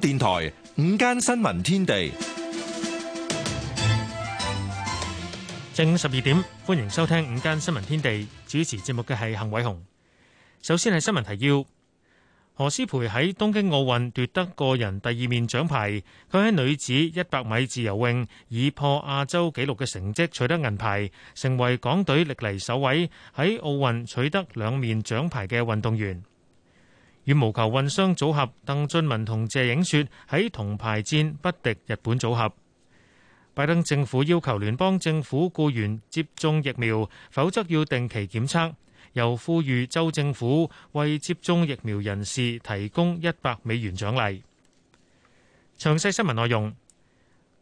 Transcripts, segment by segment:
電台午間新聞天地正午十二點，歡迎收聽午間新聞天地主持節目嘅係幸偉雄。首先係新聞提要：何詩蓓喺東京奧運奪得個人第二面獎牌，佢喺女子一百米自由泳以破亞洲紀錄嘅成績取得銀牌，成為港隊歷嚟首位喺奧運取得兩面獎牌嘅運動員。羽毛球混雙組合鄧俊文同謝影雪喺銅牌戰不敵日本組合。拜登政府要求聯邦政府僱員接種疫苗，否則要定期檢測，又呼籲州政府為接種疫苗人士提供一百美元獎勵。詳細新聞內容。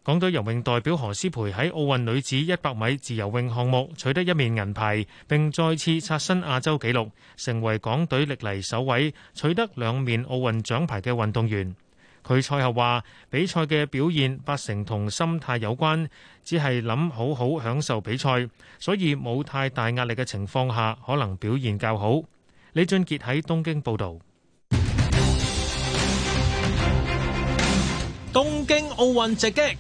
港隊游泳代表何詩蓓喺奧運女子一百米自由泳項目取得一面銀牌，並再次刷新亞洲紀錄，成為港隊歷嚟首位取得兩面奧運獎牌嘅運動員。佢賽後話：比賽嘅表現八成同心態有關，只係諗好好享受比賽，所以冇太大壓力嘅情況下，可能表現較好。李俊杰喺東京報道。東京奧運直擊。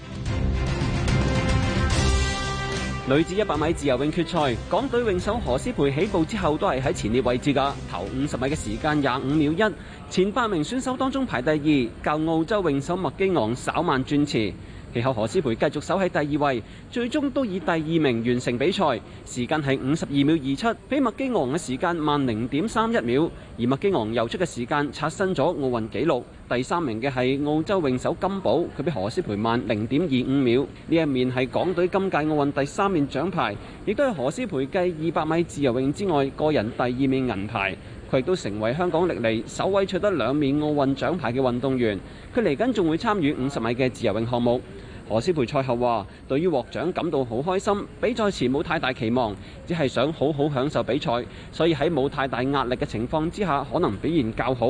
女子一百米自由泳決賽，港隊泳手何詩蓓起步之後都係喺前列位置噶，頭五十米嘅時間廿五秒一，前八名選手當中排第二，較澳洲泳手麥基昂稍慢轉遲。其後何詩蓓繼續守喺第二位，最終都以第二名完成比賽，時間係五十二秒二七，比麥基昂嘅時間慢零點三一秒，而麥基昂游出嘅時間刷新咗奧運紀錄。第三名嘅係澳洲泳手金寶，佢比何詩蓓慢零點二五秒。呢一面係港隊今屆奧運第三面獎牌，亦都係何詩蓓繼二百米自由泳之外個人第二面銀牌。佢亦都成為香港歷嚟首位取得兩面奧運獎牌嘅運動員。佢嚟緊仲會參與五十米嘅自由泳項目。何詩蓓賽後話，對於獲獎感到好開心。比賽時冇太大期望，只係想好好享受比賽，所以喺冇太大壓力嘅情況之下，可能表現較好。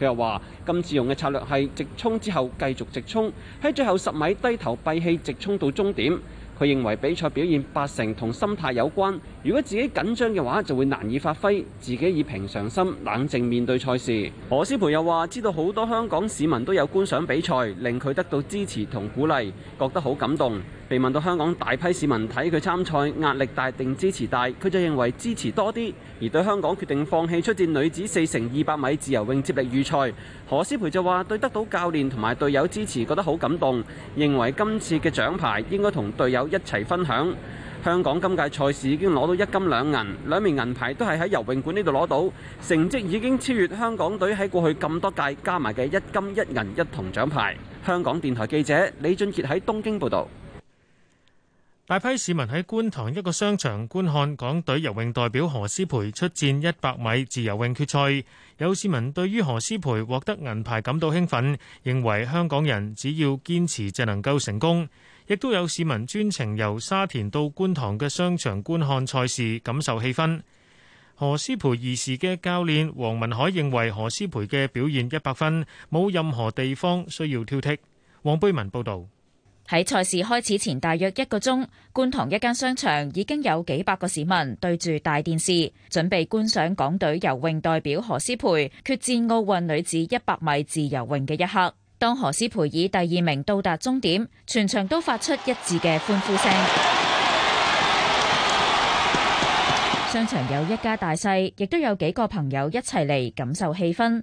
佢又話，今次用嘅策略係直衝之後繼續直衝，喺最後十米低頭閉氣直衝到終點。佢認為比賽表現八成同心態有關。如果自己緊張嘅話，就會難以發揮，自己以平常心冷靜面對賽事。何詩蓓又話，知道好多香港市民都有觀賞比賽，令佢得到支持同鼓勵，覺得好感動，被問到香港大批市民睇佢參賽壓力大定支持大？佢就認為支持多啲。而對香港決定放棄出戰女子四乘二百米自由泳接力預賽，何詩蓓就話，對得到教練同埋隊友支持，覺得好感動，認為今次嘅獎牌應該同隊友一齊分享。香港今屆賽事已經攞到一金兩銀，兩面銀牌都係喺游泳館呢度攞到，成績已經超越香港隊喺過去咁多屆加埋嘅一金一銀一銅獎牌。香港電台記者李俊傑喺東京報導。大批市民喺觀塘一個商場觀看港隊游泳代表何詩蓓出戰一百米自由泳決賽，有市民對於何詩蓓獲得銀牌感到興奮，認為香港人只要堅持就能夠成功。亦都有市民專程由沙田到觀塘嘅商場觀看賽事，感受氣氛。何詩蓓兒時嘅教練黃文海認為何詩蓓嘅表現一百分，冇任何地方需要挑剔。黃貝文報導，喺賽事開始前大約一個鐘，觀塘一間商場已經有幾百個市民對住大電視，準備觀賞港隊游泳代表何詩蓓決戰奧運女子一百米自由泳嘅一刻。當何斯培爾第二名到達終點，全場都發出一致嘅歡呼聲。商場有一家大細，亦都有幾個朋友一齊嚟感受氣氛。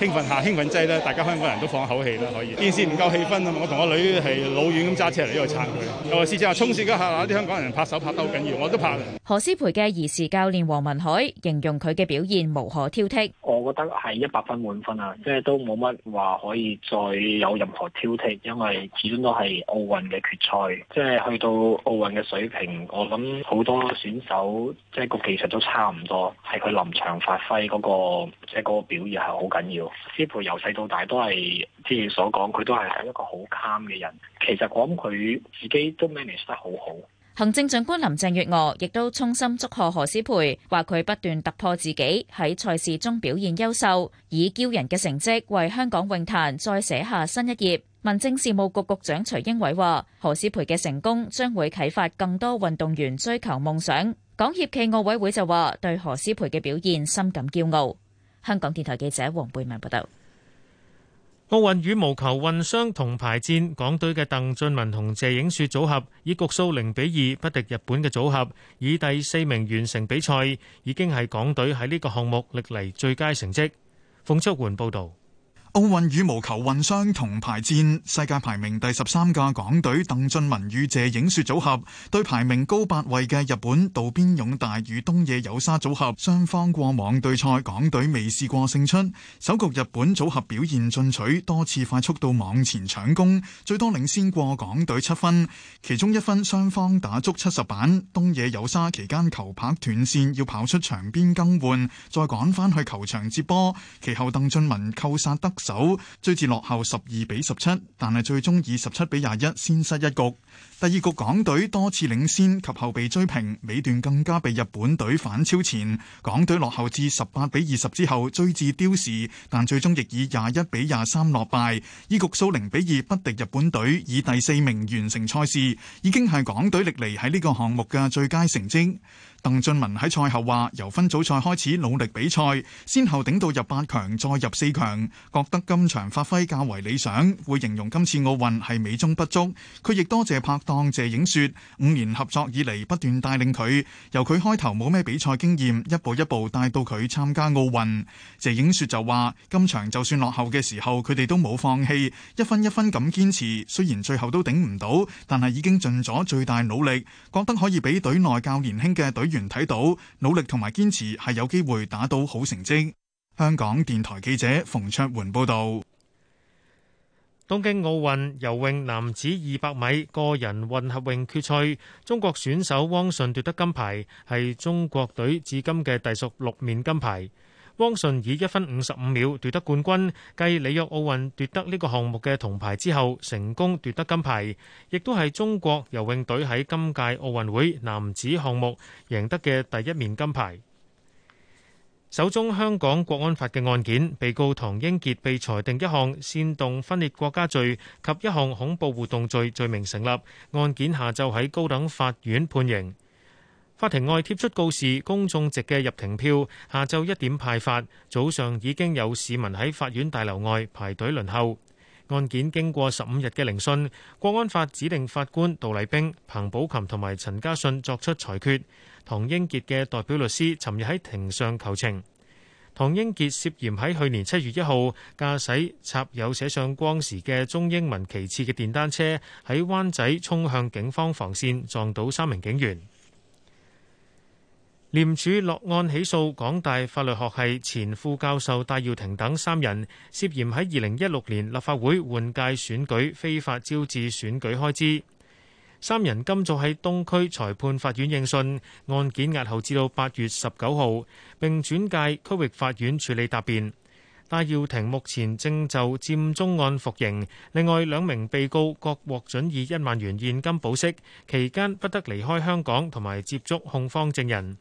興奮下，興奮劑咧，大家香港人都放一口氣啦，可以電視唔夠氣氛啊嘛！我同我女係老遠咁揸車嚟呢度撐佢。哦，師姐下沖線一下嗱，啲香港人拍手拍得好緊要，我都拍。何詩蓓嘅兒時教練黃文凱形容佢嘅表現無可挑剔。我覺得係一百分滿分啊，即係都冇乜話可以再有任何挑剔，因為始終都係奧運嘅決賽，即係去到奧運嘅水平，我諗好多選手即係個技術都差唔多，係佢臨場發揮嗰、嗰個、即係嗰個表現係好緊要。詩培由細到大都係，即係所講，佢都係係一個好 calm 嘅人。其實我諗佢自己都 manage 得好好。行政長官林鄭月娥亦都衷心祝賀何思培，話佢不斷突破自己，喺賽事中表現優秀，以驕人嘅成績為香港泳壇再寫下新一頁。民政事務局局長徐英偉話：何思培嘅成功將會啟發更多運動員追求夢想。港協暨奧委會就話對何思培嘅表現深感驕傲。香港電台記者黃貝文報道：奧運羽毛球混雙銅牌戰，港隊嘅鄧俊文同謝影雪組合以局數零比二不敵日本嘅組合，以第四名完成比賽，已經係港隊喺呢個項目歷嚟最佳成績。馮卓桓報道。奧運羽毛球混雙銅牌戰，世界排名第十三嘅港隊鄧俊文與謝影雪組合，對排名高八位嘅日本渡邊勇大與東野有沙組合。雙方過往對賽，港隊未試過勝出。首局日本組合表現進取，多次快速到網前搶攻，最多領先過港隊七分。其中一分雙方打足七十板，東野有沙期間球拍斷線，要跑出場邊更換，再趕返去球場接波。其後鄧俊文扣殺得，走追至落後十二比十七，但係最終以十七比廿一先失一局。第二局港隊多次領先及後被追平，尾段更加被日本隊反超前，港隊落後至十八比二十之後追至刁時，但最終亦以廿一比廿三落敗。以局數零比二不敵日本隊，以第四名完成賽事，已經係港隊歷嚟喺呢個項目嘅最佳成績。鄧俊文喺賽後話：由分組賽開始努力比賽，先後頂到入八強再入四強，覺得今場發揮較為理想。會形容今次奧運係美中不足。佢亦多謝拍檔謝影雪，五年合作以嚟不斷帶領佢，由佢開頭冇咩比賽經驗，一步一步帶到佢參加奧運。謝影雪就話：今場就算落後嘅時候，佢哋都冇放棄，一分一分咁堅持。雖然最後都頂唔到，但係已經盡咗最大努力，覺得可以比隊內較年輕嘅隊員。睇到努力同埋堅持係有機會打到好成績。香港電台記者馮卓桓報道：東京奧運游泳男子二百米個人混合泳決賽，中國選手汪順奪得金牌，係中國隊至今嘅第十六面金牌。汪順以一分五十五秒奪得冠軍，繼里約奧運奪得呢個項目嘅銅牌之後，成功奪得金牌，亦都係中國游泳隊喺今屆奧運會男子項目贏得嘅第一面金牌。首宗香港國安法嘅案件，被告唐英傑被裁定一項煽動分裂國家罪及一項恐怖活動罪罪名成立，案件下晝喺高等法院判刑。法庭外貼出告示，公眾席嘅入庭票下晝一點派發。早上已經有市民喺法院大樓外排隊輪候。案件經過十五日嘅聆訊，國安法指定法官杜麗冰、彭寶琴同埋陳家信作出裁決。唐英傑嘅代表律師尋日喺庭上求情。唐英傑涉嫌喺去年七月一號駕駛插有寫上光時嘅中英文旗幟嘅電單車喺灣仔衝向警方防綫，撞到三名警員。廉署落案起訴港大法律學系前副教授戴耀廷等三人，涉嫌喺二零一六年立法會換屆選舉非法招致選舉開支。三人今早喺東區裁判法院應訊，案件押後至到八月十九號，並轉介區域法院處理答辯。戴耀廷目前正就佔中案服刑，另外兩名被告各獲准以一萬元現金保釋，期間不得離開香港同埋接觸控方證人。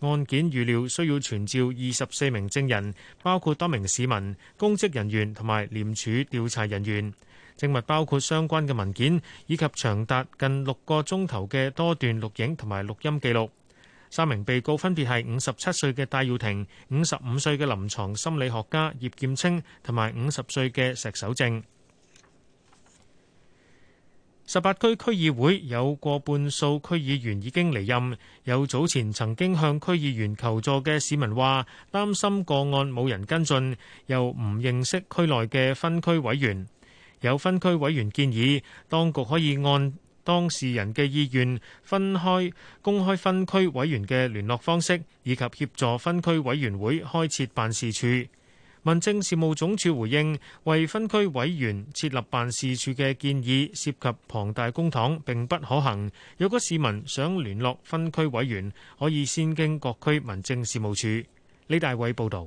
案件預料需要傳召二十四名證人，包括多名市民、公職人員同埋廉署調查人員。證物包括相關嘅文件以及長達近六個鐘頭嘅多段錄影同埋錄音記錄。三名被告分別係五十七歲嘅戴耀廷、五十五歲嘅臨床心理學家葉劍青同埋五十歲嘅石守正。十八區區議會有過半數區議員已經離任，有早前曾經向區議員求助嘅市民話，擔心個案冇人跟進，又唔認識區內嘅分區委員。有分區委員建議，當局可以按當事人嘅意願，分開公開分區委員嘅聯絡方式，以及協助分區委員會開設辦事處。民政事務總署回應，為分區委員設立辦事處嘅建議涉及龐大公帑，並不可行。如果市民想聯絡分區委員，可以先經各區民政事務處。李大偉報道：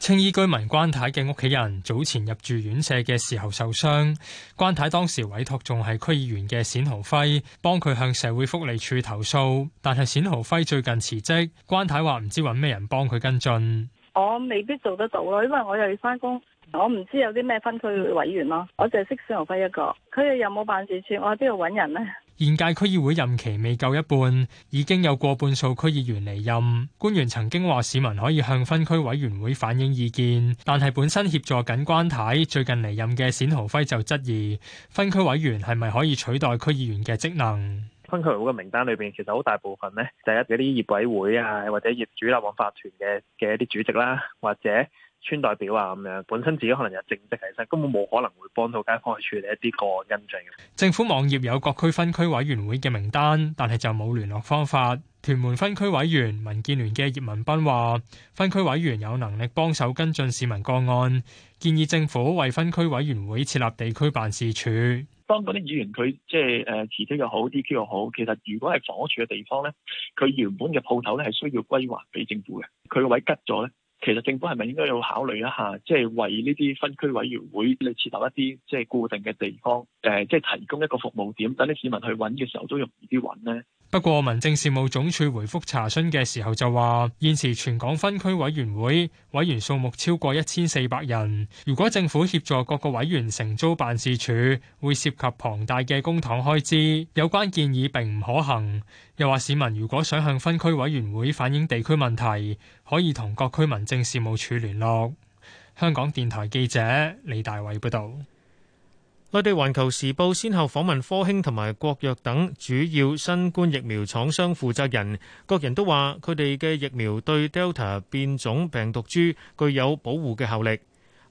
青衣居民關太嘅屋企人早前入住院舍嘅時候受傷，關太當時委託仲係區議員嘅冼豪輝幫佢向社會福利署投訴，但係冼豪輝最近辭職，關太話唔知揾咩人幫佢跟進。我未必做得到咯，因為我又要翻工。我唔知有啲咩分區委員咯，我淨係識冼豪輝一個。佢哋有冇辦事處？我喺邊度揾人咧？現屆區議會任期未夠一半，已經有過半數區議員離任。官員曾經話市民可以向分區委員會反映意見，但係本身協助緊關太。最近離任嘅冼豪輝就質疑分區委員係咪可以取代區議員嘅職能。分區委員會嘅名單裏邊，其實好大部分呢，就係一啲啲業委會啊，或者業主立案法團嘅嘅一啲主席啦，或者村代表啊咁樣，本身自己可能有正職，其實根本冇可能會幫到街坊去處理一啲個案跟進。政府網頁有各區分區委員會嘅名單，但係就冇聯絡方法。屯門分區委員民建聯嘅葉文斌話：分區委員有能力幫手跟進市民個案，建議政府為分區委員會設立地區辦事處。當嗰啲議員佢，即係誒辭職又好，DQ 又好，其實如果係房屋處嘅地方咧，佢原本嘅鋪頭咧係需要歸還俾政府嘅。佢個位吉咗咧，其實政府係咪應該要考慮一下，即係為呢啲分區委員會你設立一啲即係固定嘅地方，誒、呃、即係提供一個服務點，等啲市民去揾嘅時候都容易啲揾咧？不過，民政事務總署回覆查詢嘅時候就話，現時全港分區委員會委員數目超過一千四百人，如果政府協助各個委員承租辦事處，會涉及龐大嘅公帑開支，有關建議並唔可行。又話市民如果想向分區委員會反映地區問題，可以同各區民政事務處聯絡。香港電台記者李大偉報道。內地環球時報先後訪問科興同埋國藥等主要新冠疫苗廠商負責人，各人都話佢哋嘅疫苗對 Delta 變種病毒株具有保護嘅效力。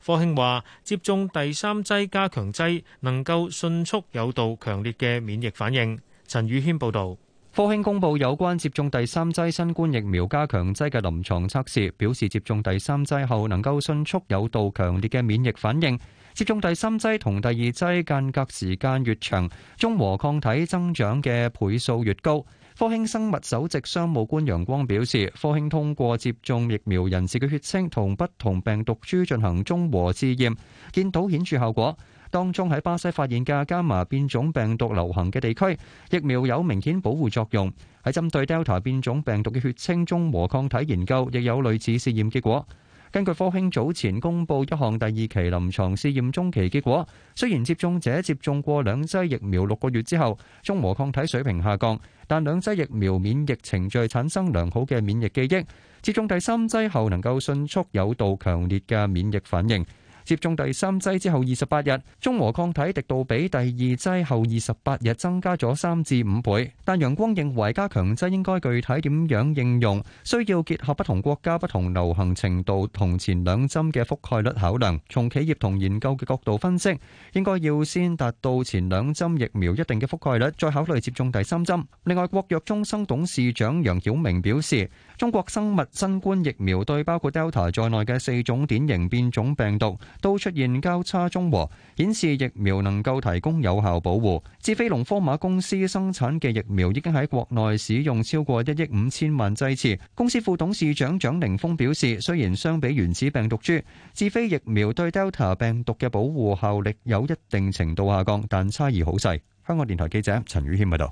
科興話接種第三劑加強劑能夠迅速有度強烈嘅免疫反應。陳宇軒報道。科興公布有關接種第三劑新冠疫苗加強劑嘅臨床測試，表示接種第三劑後能夠迅速有度強烈嘅免疫反應。接種第三劑同第二劑間隔時間越長，中和抗體增長嘅倍數越高。科興生物首席商務官楊光表示，科興通過接種疫苗人士嘅血清同不同病毒株進行中和試驗，見到顯著效果。當中喺巴西發現嘅加馬變種病毒流行嘅地區，疫苗有明顯保護作用。喺針對 Delta 變種病毒嘅血清中和抗體研究，亦有類似試驗結果。根據科興早前公布一項第二期臨床試驗中期結果，雖然接種者接種過兩劑疫苗六個月之後，中和抗體水平下降，但兩劑疫苗免疫程序產生良好嘅免疫記憶，接種第三劑後能夠迅速誘導強烈嘅免疫反應。接種第三劑之後二十八日，中和抗體滴度比第二劑後二十八日增加咗三至五倍。但楊光認為加強劑應該具體點樣應用，需要結合不同國家不同流行程度同前兩針嘅覆蓋率考量。從企業同研究嘅角度分析，應該要先達到前兩針疫苗一定嘅覆蓋率，再考慮接種第三針。另外，國藥中生董事長楊曉明表示。中國生物新冠疫苗對包括 Delta 在內嘅四種典型變種病毒都出現交叉中和，顯示疫苗能夠提供有效保護。智飛龍科馬公司生產嘅疫苗已經喺國內使用超過一億五千萬劑次。公司副董事長蔣凌峰表示：雖然相比原始病毒株，智飛疫苗對 Delta 病毒嘅保護效力有一定程度下降，但差異好細。香港電台記者陳宇軒喺度。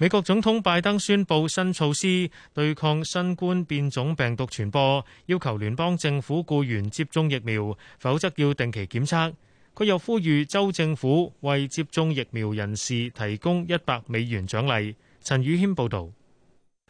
美國總統拜登宣布新措施對抗新冠變種病毒傳播，要求聯邦政府雇員接種疫苗，否則要定期檢測。佢又呼籲州政府為接種疫苗人士提供一百美元獎勵。陳宇軒報導。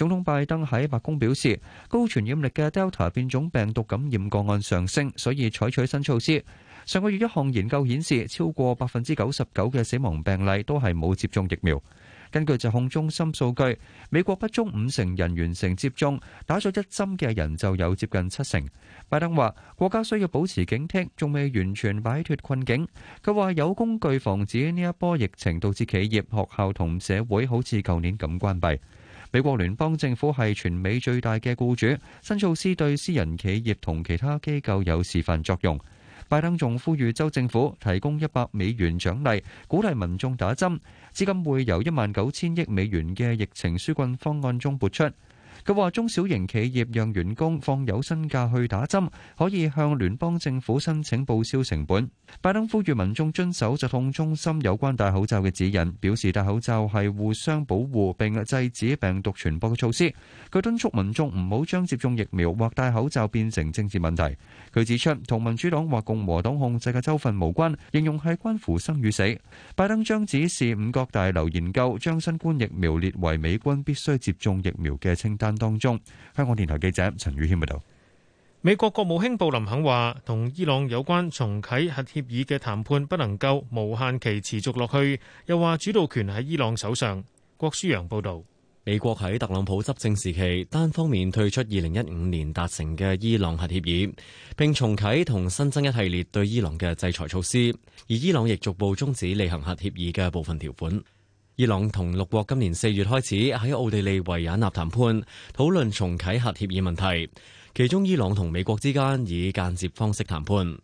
總統拜登喺白宮表示，高傳染力嘅 Delta 變種病毒感染個案上升，所以採取新措施。上個月，一項研究顯示，超過百分之九十九嘅死亡病例都係冇接種疫苗。根據疾控中心數據，美國不足五成人完成接種，打咗一針嘅人就有接近七成。拜登話：國家需要保持警惕，仲未完全擺脱困境。佢話有工具防止呢一波疫情導致企業、學校同社會好似舊年咁關閉。美國聯邦政府係全美最大嘅僱主，新措施對私人企業同其他機構有示範作用。拜登仲呼籲州政府提供一百美元獎勵，鼓勵民眾打針，資金會由一萬九千億美元嘅疫情紓困方案中撥出。佢話：中小型企業讓員工放有薪假去打針，可以向聯邦政府申請報銷成本。拜登呼籲民眾遵守疾控中心有關戴口罩嘅指引，表示戴口罩係互相保護並制止病毒傳播嘅措施。佢敦促民眾唔好將接種疫苗或戴口罩變成政治問題。佢指出，同民主黨或共和黨控制嘅州份無關，應用係關乎生與死。拜登將指示五角大樓研究將新冠疫苗列為美軍必須接種疫苗嘅清單。當中，香港電台記者陳宇謙報道，美國國務卿布林肯話，同伊朗有關重啟核協議嘅談判不能夠無限期持續落去，又話主導權喺伊朗手上。郭舒陽報道，美國喺特朗普執政時期，單方面退出二零一五年達成嘅伊朗核協議，並重啟同新增一系列對伊朗嘅制裁措施，而伊朗亦逐步中止履行核協議嘅部分條款。伊朗同六國今年四月開始喺奧地利維也納談判，討論重啟核協議問題。其中，伊朗同美國之間以間接方式談判。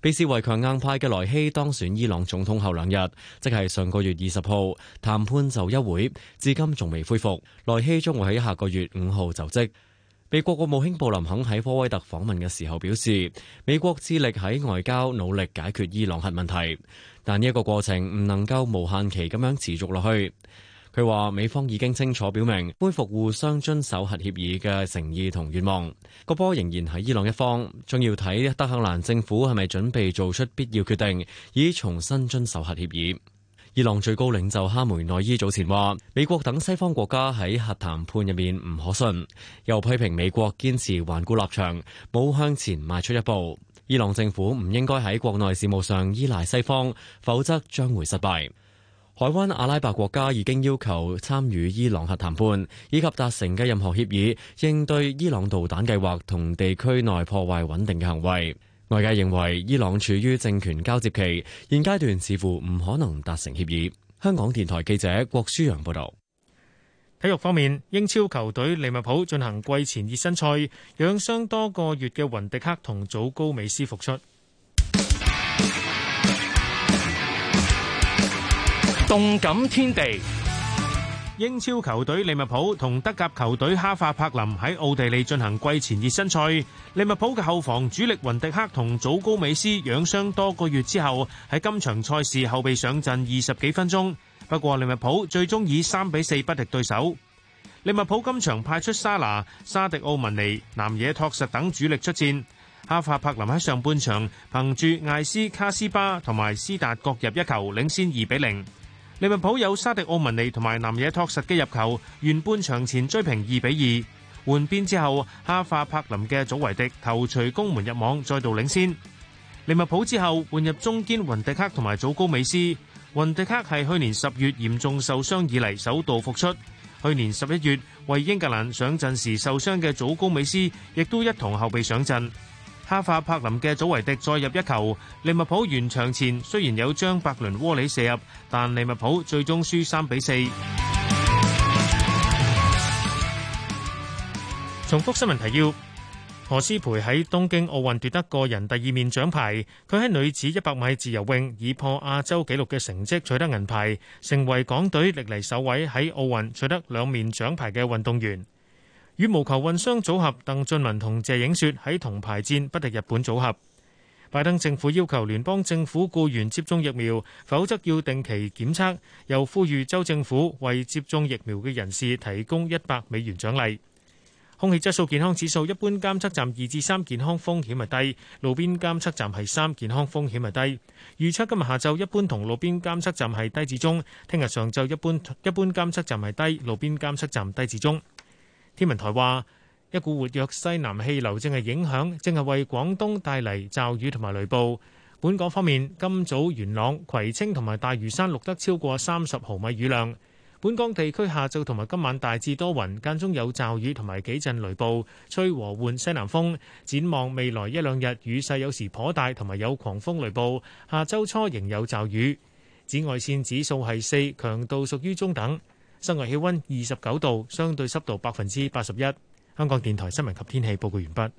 被視為強硬派嘅萊希當選伊朗總統後兩日，即係上個月二十號談判就休會，至今仲未恢復。萊希將會喺下個月五號就職。美國國務卿布林肯喺科威特訪問嘅時候表示，美國致力喺外交努力解決伊朗核問題。但呢一個過程唔能夠無限期咁樣持續落去。佢話美方已經清楚表明恢復互相遵守核協議嘅誠意同願望。個波仍然喺伊朗一方，仲要睇德黑蘭政府係咪準備做出必要決定，以重新遵守核協議。伊朗最高領袖哈梅內伊早前話美國等西方國家喺核談判入面唔可信，又批評美國堅持頑固立場，冇向前邁出一步。伊朗政府唔應該喺國內事務上依賴西方，否則將會失敗。海灣阿拉伯國家已經要求參與伊朗核談判，以及達成嘅任何協議，應對伊朗導彈計劃同地區內破壞穩定嘅行為。外界認為伊朗處於政權交接期，現階段似乎唔可能達成協議。香港電台記者郭舒揚報道。體育方面，英超球隊利物浦進行季前熱身賽，養傷多個月嘅雲迪克同祖高美斯復出。動感天地，英超球隊利物浦同德甲球隊哈法柏林喺奧地利進行季前熱身賽。利物浦嘅後防主力雲迪克同祖高美斯養傷多個月之後，喺今場賽事後備上陣二十幾分鐘。不過利物浦最終以三比四不敵對手。利物浦今場派出沙拿、沙迪奧文尼、南野拓實等主力出戰。哈法柏林喺上半場憑住艾斯卡斯巴同埋斯達各入一球，領先二比零。利物浦有沙迪奧文尼同埋南野拓實嘅入球，原半場前追平二比二。換邊之後，哈法柏林嘅祖維迪頭槌攻門入網，再度領先。利物浦之後換入中堅雲迪克同埋祖高美斯。雲迪克係去年十月嚴重受傷以嚟，首度復出。去年十一月為英格蘭上陣時受傷嘅祖高美斯，亦都一同後備上陣。哈法柏林嘅祖維迪再入一球。利物浦完場前雖然有將百倫窩里射入，但利物浦最終輸三比四。重複新聞提要。何詩蓓喺東京奧運奪得個人第二面獎牌，佢喺女子一百米自由泳以破亞洲紀錄嘅成績取得銀牌，成為港隊歷嚟首位喺奧運取得兩面獎牌嘅運動員。羽毛球混雙組合鄧俊文同謝影雪喺銅牌戰不敵日本組合。拜登政府要求聯邦政府僱員接種疫苗，否則要定期檢測，又呼籲州政府為接種疫苗嘅人士提供一百美元獎勵。空氣質素健康指數，一般監測站二至三，健康風險係低，路邊監測站係三，健康風險係低。預測今日下晝一般同路邊監測站係低至中，聽日上晝一般一般監測站係低，路邊監測站低至中。天文台話，一股活躍西南氣流正係影響，正係為廣東帶嚟驟雨同埋雷暴。本港方面，今早元朗、葵青同埋大嶼山錄得超過三十毫米雨量。本港地區下晝同埋今晚大致多雲，間中有驟雨同埋幾陣雷暴，吹和緩西南風。展望未來一兩日，雨勢有時頗大，同埋有狂風雷暴。下周初仍有驟雨。紫外線指數係四，強度屬於中等。室外氣溫二十九度，相對濕度百分之八十一。香港電台新聞及天氣報告完畢。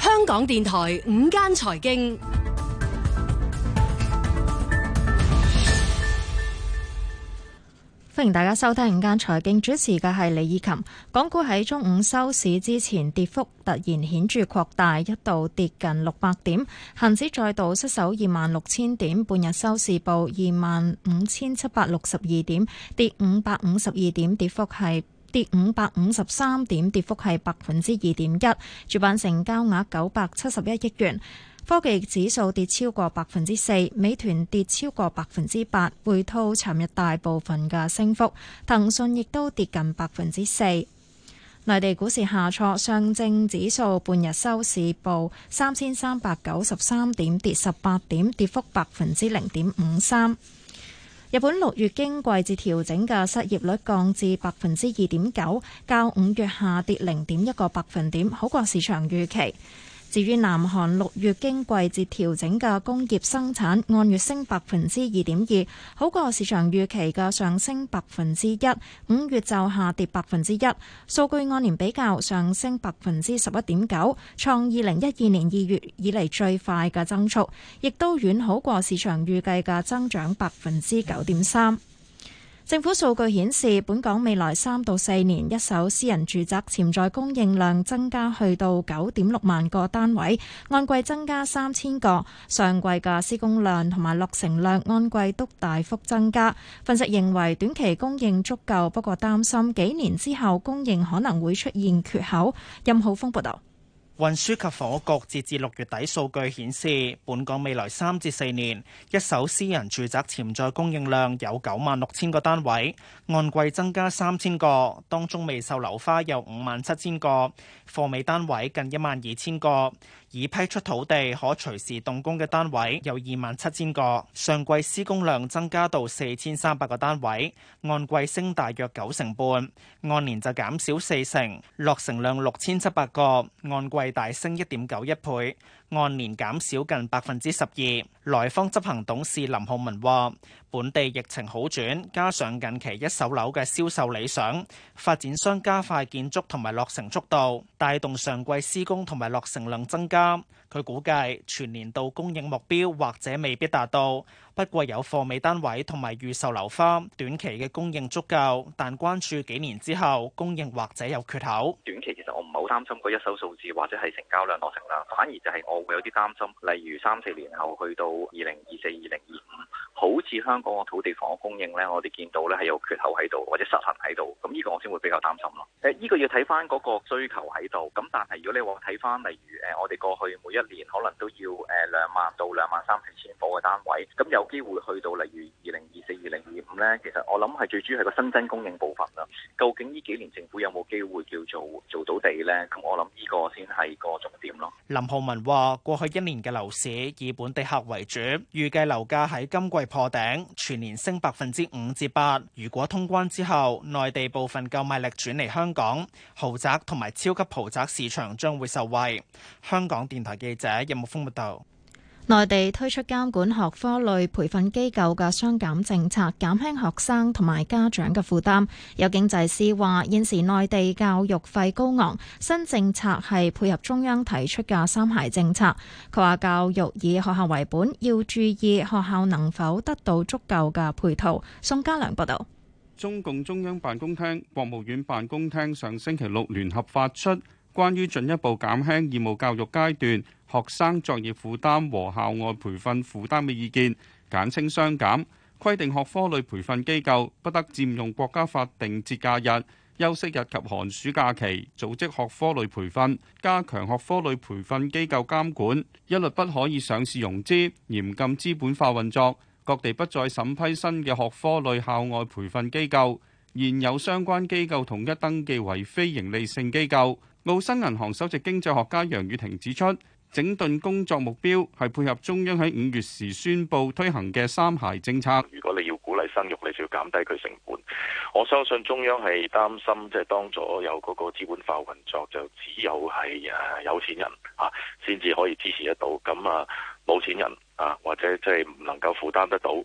香港電台午間財經。歡迎大家收聽午間財經，主持嘅係李以琴。港股喺中午收市之前，跌幅突然顯著擴大，一度跌近六百點，恒指再度失守二萬六千點，半日收市報二萬五千七百六十二點，跌五百五十二點，跌幅係跌五百五十三點，跌幅係百分之二點一。主板成交額九百七十一億元。科技指數跌超過百分之四，美團跌超過百分之八，回吐尋日大部分嘅升幅。騰訊亦都跌近百分之四。內地股市下挫，上證指數半日收市報三千三百九十三點，跌十八點，跌幅百分之零點五三。日本六月經季節調整嘅失業率降至百分之二點九，較五月下跌零點一個百分點，好過市場預期。至於南韓六月經季節調整嘅工業生產按月升百分之二點二，好過市場預期嘅上升百分之一。五月就下跌百分之一，數據按年比較上升百分之十一點九，創二零一二年二月以嚟最快嘅增速，亦都遠好過市場預計嘅增長百分之九點三。政府數據顯示，本港未來三到四年一手私人住宅潛在供應量增加去到九點六萬個單位，按季增加三千個。上季嘅施工量同埋落成量按季都大幅增加。分析認為短期供應足夠，不過擔心幾年之後供應可能會出現缺口。任浩峯報導。運輸及房屋局截至六月底數據顯示，本港未來三至四年一手私人住宅潛在供應量有九萬六千個單位，按季增加三千個，當中未售樓花有五萬七千個，貨尾單位近一萬二千個，已批出土地可隨時動工嘅單位有二萬七千個，上季施工量增加到四千三百個單位，按季升大約九成半，按年就減少四成，落成量六千七百個，按季。大升一點九一倍，按年減少近百分之十二。來方執行董事林浩文話，本地疫情好轉，加上近期一手樓嘅銷售理想，發展商加快建築同埋落成速度，帶動上季施工同埋落成量增加。佢估計全年度供應目標或者未必達到。不過有貨尾單位同埋預售樓花，短期嘅供應足夠，但關注幾年之後供應或者有缺口。短期其實我唔係好擔心個一手數字或者係成交量落成量，反而就係我會有啲擔心，例如三四年後去到二零二四、二零二五，好似香港個土地房嘅供應呢，我哋見到呢係有缺口喺度或者失衡喺度，咁呢個我先會比較擔心咯。誒，呢個要睇翻嗰個需求喺度，咁但係如果你話睇翻，例如誒，我哋過去每一年可能都要誒兩萬到兩萬三千嘅單位，咁又。有機會去到例如二零二四、二零二五呢，其實我諗係最主要係個新增供應部分啦。究竟呢幾年政府有冇機會叫做做到地呢？咁我諗呢個先係個重點咯。林浩文話：過去一年嘅樓市以本地客為主，預計樓價喺今季破頂，全年升百分之五至八。如果通關之後，內地部分購買力轉嚟香港，豪宅同埋超級豪宅市場將會受惠。香港電台記者任木峯報道。內地推出監管學科類培訓機構嘅雙減政策，減輕學生同埋家長嘅負擔。有經濟師話，現時內地教育費高昂，新政策係配合中央提出嘅三孩政策。佢話教育以學校為本，要注意學校能否得到足夠嘅配套。宋家良報道。中共中央辦公廳、國務院辦公廳上星期六聯合發出。關於進一步減輕義務教育階段、學生作業負擔和校外培訓負擔嘅意見，簡稱“雙減”，規定學科類培訓機構不得佔用國家法定節假日、休息日及寒暑假期組織學科類培訓，加強學科類培訓機構監管，一律不可以上市融資，嚴禁資本化運作。各地不再審批新嘅學科類校外培訓機構，現有相關機構統一登記為非營利性機構。澳新銀行首席經濟學家楊宇婷指出，整頓工作目標係配合中央喺五月時宣布推行嘅三孩政策。如果你要鼓勵生育，你就要減低佢成本。我相信中央係擔心，即係當咗有嗰個資本化運作，就只有係誒有錢人嚇先至可以支持得到。咁啊，冇錢人。啊，或者即係唔能夠負擔得到，誒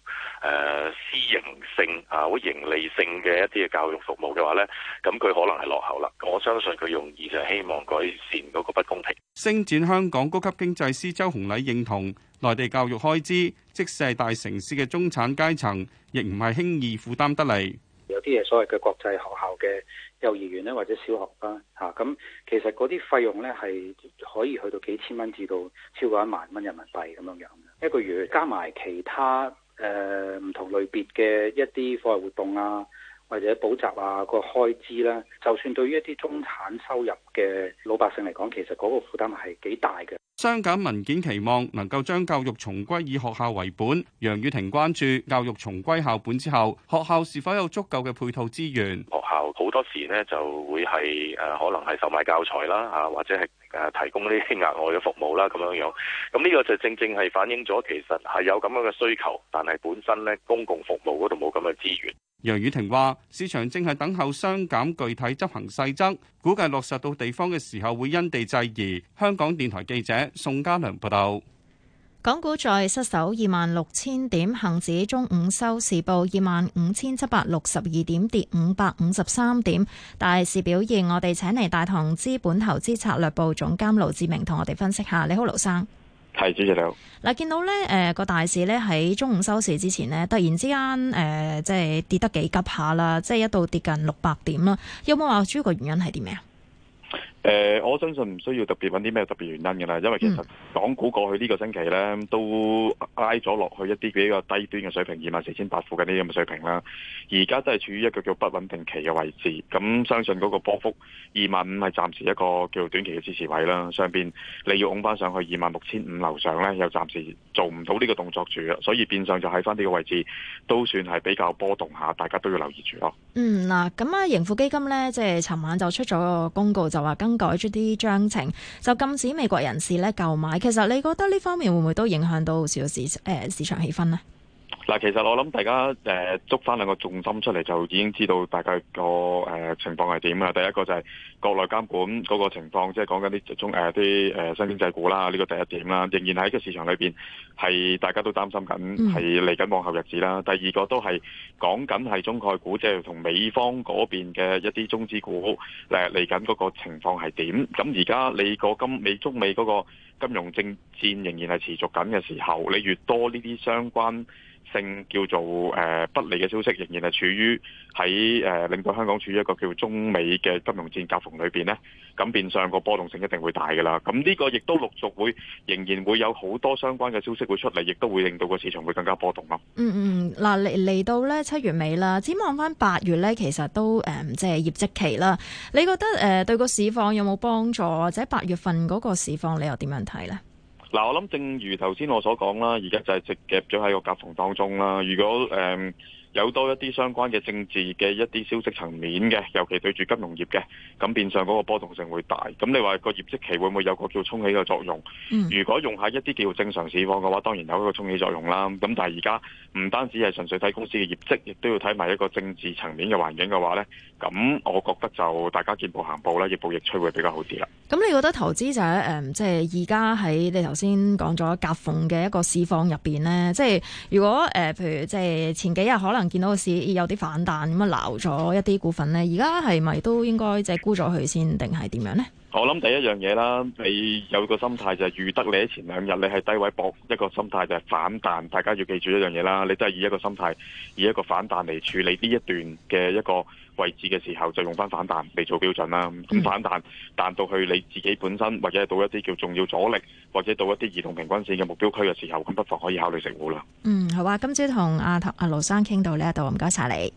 私營性啊或盈利性嘅一啲嘅教育服務嘅話咧，咁佢可能係落後啦。我相信佢容易就希望改善嗰個不公平。星展香港高級經濟師周洪禮認同，內地教育開支即使係大城市嘅中產階層，亦唔係輕易負擔得嚟。有啲嘢所謂嘅國際學校嘅。幼兒園咧，或者小學啦嚇，咁、啊嗯、其實嗰啲費用咧係可以去到幾千蚊至到超過一萬蚊人民幣咁樣樣。一個月加埋其他誒、呃、唔同類別嘅一啲課外活動啊。或者補習啊個開支啦，就算對於一啲中產收入嘅老百姓嚟講，其實嗰個負擔係幾大嘅。刪減文件期望能夠將教育重歸以學校為本。楊雨婷關注教育重歸校本之後，學校是否有足夠嘅配套資源？學校好多時呢就會係誒、啊，可能係售賣教材啦嚇、啊，或者係。誒提供啲額外嘅服務啦，咁樣樣，咁呢個就正正係反映咗其實係有咁樣嘅需求，但係本身咧公共服務嗰度冇咁嘅資源。楊宇婷話市場正係等候雙減具體執行細則，估計落實到地方嘅時候會因地制宜。香港電台記者宋家良報道。港股再失守二萬六千點，恒指中午收市報二萬五千七百六十二點，跌五百五十三點，大市表現，我哋請嚟大同資本投資策略部總監盧志明同我哋分析下。你好，盧生。係，主持人好。嗱，見到呢，誒個大市呢，喺中午收市之前呢，突然之間，誒、呃、即係跌得幾急下啦，即係一度跌近六百點啦。有冇話主要個原因係點呀？誒、呃，我相信唔需要特別揾啲咩特別原因嘅啦，因為其實港股過去呢個星期呢都挨咗落去一啲比較低端嘅水平，二萬四千八附近啲咁嘅水平啦。而家都係處於一個叫不穩定期嘅位置。咁、嗯、相信嗰個波幅二萬五係暫時一個叫短期嘅支持位啦。上邊你要拱翻上去二萬六千五樓上呢又暫時做唔到呢個動作住，所以變相就喺翻呢個位置都算係比較波動下，大家都要留意住咯。嗯，嗱，咁啊，盈富基金呢，即係尋晚就出咗個公告，就話跟。改咗啲章程，就禁止美國人士咧購買。其實你覺得呢方面會唔會都影響到少少市誒、呃、市場氣氛呢？嗱，其實我諗大家誒捉翻兩個重心出嚟，就已經知道大家個誒情況係點啦。第一個就係國內監管嗰個情況，即係講緊啲中誒啲誒新經濟股啦，呢個第一點啦。仍然喺個市場裏邊係大家都擔心緊，係嚟緊往後日子啦。嗯、第二個都係講緊係中概股，即係同美方嗰邊嘅一啲中資股誒嚟緊嗰個情況係點。咁而家你個金美中美嗰個金融政戰仍然係持續緊嘅時候，你越多呢啲相關性叫做誒不利嘅消息，仍然係處於喺誒令到香港處於一個叫中美嘅金融戰夾縫裏邊呢，咁變相個波動性一定會大噶啦。咁呢個亦都陸續會仍然會有好多相關嘅消息會出嚟，亦都會令到個市場會更加波動咯、嗯。嗯嗯，嗱嚟嚟到咧七月尾啦，展望返八月呢，其實都誒即係業績期啦。你覺得誒、呃、對個市況有冇幫助，或者八月份嗰個市況你又點樣睇呢？嗱，我諗正如頭先我所講啦，而家就係直夾咗喺個夾縫當中啦。如果誒。Um, 有多一啲相關嘅政治嘅一啲消息層面嘅，尤其對住金融業嘅，咁變相嗰個波動性會大。咁你話個業績期會唔會有個叫沖喜嘅作用？嗯、如果用下一啲叫正常市況嘅話，當然有一個沖喜作用啦。咁但係而家唔單止係純粹睇公司嘅業績，亦都要睇埋一個政治層面嘅環境嘅話呢。咁我覺得就大家見步行步啦，亦步亦趨會比較好啲啦。咁你覺得投資者即係而家喺你頭先講咗夾縫嘅一個市況入邊呢？即係如果、呃、譬如即係前幾日可能。見到個市有啲反彈，咁樣鬧咗一啲股份咧，而家係咪都應該即係沽咗佢先，定係點樣咧？我諗第一樣嘢啦，你有個心態就係遇得你喺前兩日你係低位博一個心態就係反彈，大家要記住一樣嘢啦，你都係以一個心態，以一個反彈嚟處理呢一段嘅一個位置嘅時候，就用翻反彈嚟做標準啦。咁反彈彈到去你自己本身或者到一啲叫重要阻力，或者到一啲移動平均線嘅目標區嘅時候，咁不妨可以考慮承保啦。嗯，好啊，今朝同阿阿盧生傾到呢一度，唔該晒你。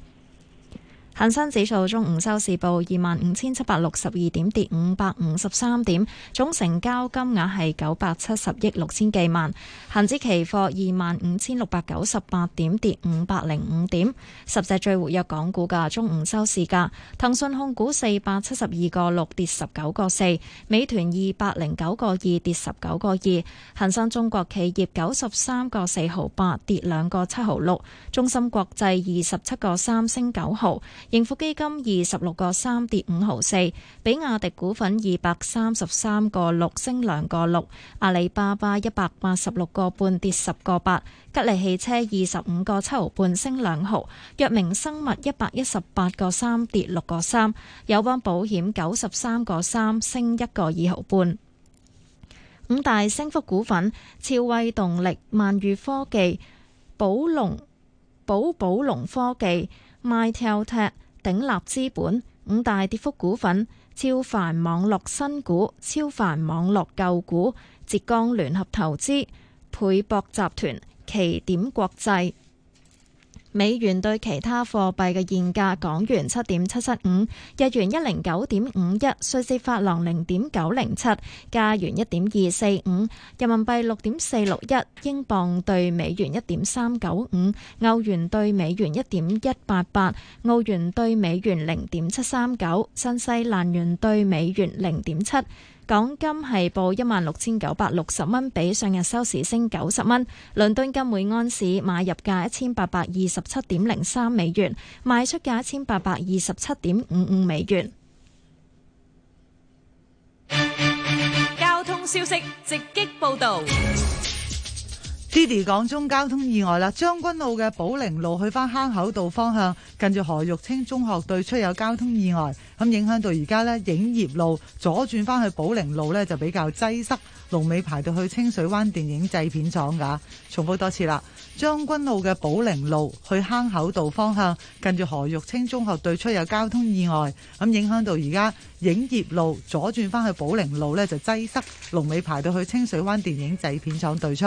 恒生指數中午收市報二萬五千七百六十二點，跌五百五十三點，總成交金額係九百七十億六千幾萬。恒指期貨二萬五千六百九十八點，跌五百零五點。十隻最活躍港股嘅中午收市價：騰訊控股四百七十二個六跌十九個四，美團二百零九個二跌十九個二，恒生中國企業九十三個四毫八跌兩個七毫六，中芯國際二十七個三升九毫。盈富基金二十六個三跌五毫四，比亞迪股份二百三十三個六升兩個六，阿里巴巴一百八十六個半跌十個八，吉利汽車二十五個七毫半升兩毫，藥明生物一百一十八個三跌六個三，友邦保險九十三個三升一個二毫半。五大升幅股份：超威動力、萬裕科技、寶龍、寶寶龍科技。邁特踢、ete，鼎立資本、五大跌幅股份、超凡網絡新股、超凡網絡舊股、浙江聯合投資、倍博集團、奇點國際。美元兌其他貨幣嘅現價：港元七點七七五，日元一零九點五一，瑞士法郎零點九零七，加元一點二四五，人民幣六點四六一，英鎊對美元一點三九五，歐元對美元一點一八八，澳元對美元零點七三九，新西蘭元對美元零點七。港金係報一萬六千九百六十蚊，比上日收市升九十蚊。倫敦金每安士買入價一千八百二十七點零三美元，賣出價一千八百二十七點五五美元。交通消息直擊報道爹哋講中交通意外啦，將軍澳嘅寶寧路去翻坑口道方向，近住何玉清中學對出有交通意外。咁影響到而家呢，影業路左轉返去寶琳路呢，就比較擠塞，龍尾排到去清水灣電影製片廠㗎。重複多次啦，將軍澳嘅寶琳路去坑口道方向，近住何玉清中學對出有交通意外，咁影響到而家影業路左轉返去寶琳路呢，就擠塞，龍尾排到去清水灣電影製片廠對出。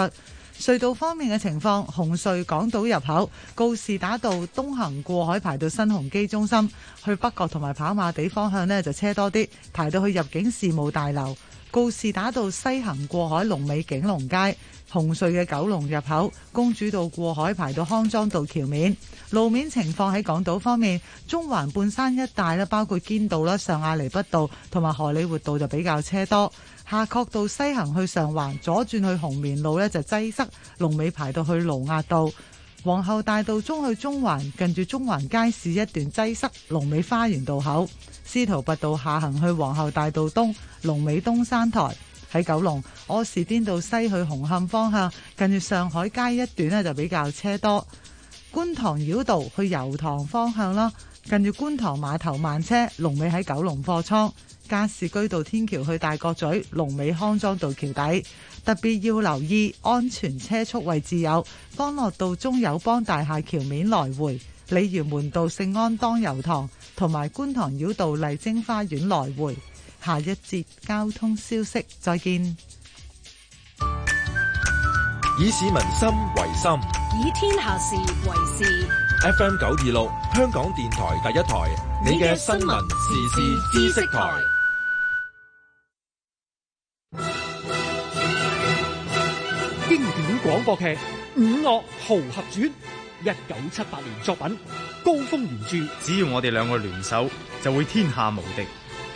隧道方面嘅情況，紅隧港島入口告士打道東行過海排到新鴻基中心，去北角同埋跑馬地方向呢就車多啲，排到去入境事務大樓。告士打道西行過海龍尾景隆街，紅隧嘅九龍入口公主道過海排到康莊道橋面。路面情況喺港島方面，中環半山一帶咧，包括堅道啦、上亞釐畢道同埋荷李活道就比較車多。下角道西行去上環，左轉去紅棉路呢就擠塞，龍尾排到去勞押道；皇后大道中去中環，近住中環街市一段擠塞，龍尾花園道口；司徒拔道下行去皇后大道東，龍尾東山台喺九龍；我士甸道西去紅磡方向，近住上海街一段呢就比較車多；觀塘繞道去油塘方向啦，近住觀塘碼頭慢車，龍尾喺九龍貨倉。加士居道天橋去大角咀，龍尾康莊道橋底，特別要留意安全車速位置有，方樂道中友邦大廈橋面來回，鯉魚門道聖安當油塘同埋觀塘繞道麗晶花園來回。下一節交通消息，再見。以市民心為心，以天下事為事。FM 九二六，香港電台第一台，你嘅新聞時事知識台。廣播劇《五岳豪俠傳》，一九七八年作品，高峰原著。只要我哋兩個聯手，就會天下無敵。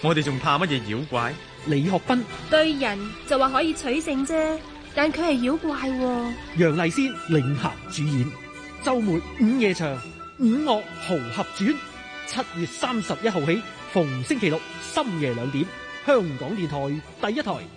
我哋仲怕乜嘢妖怪？李學斌對人就話可以取勝啫，但佢係妖怪啊。楊麗仙領銜主演，周末午夜場《五岳豪俠傳》，七月三十一號起，逢星期六深夜兩點，香港電台第一台。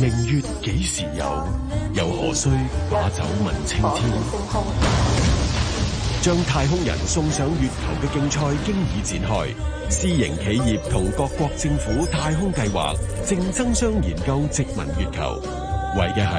明月幾時有，又何須把酒問青天？將 太空人送上月球嘅競賽經已展開，私營企業同各國政府太空計劃正爭相研究殖民月球，為嘅係。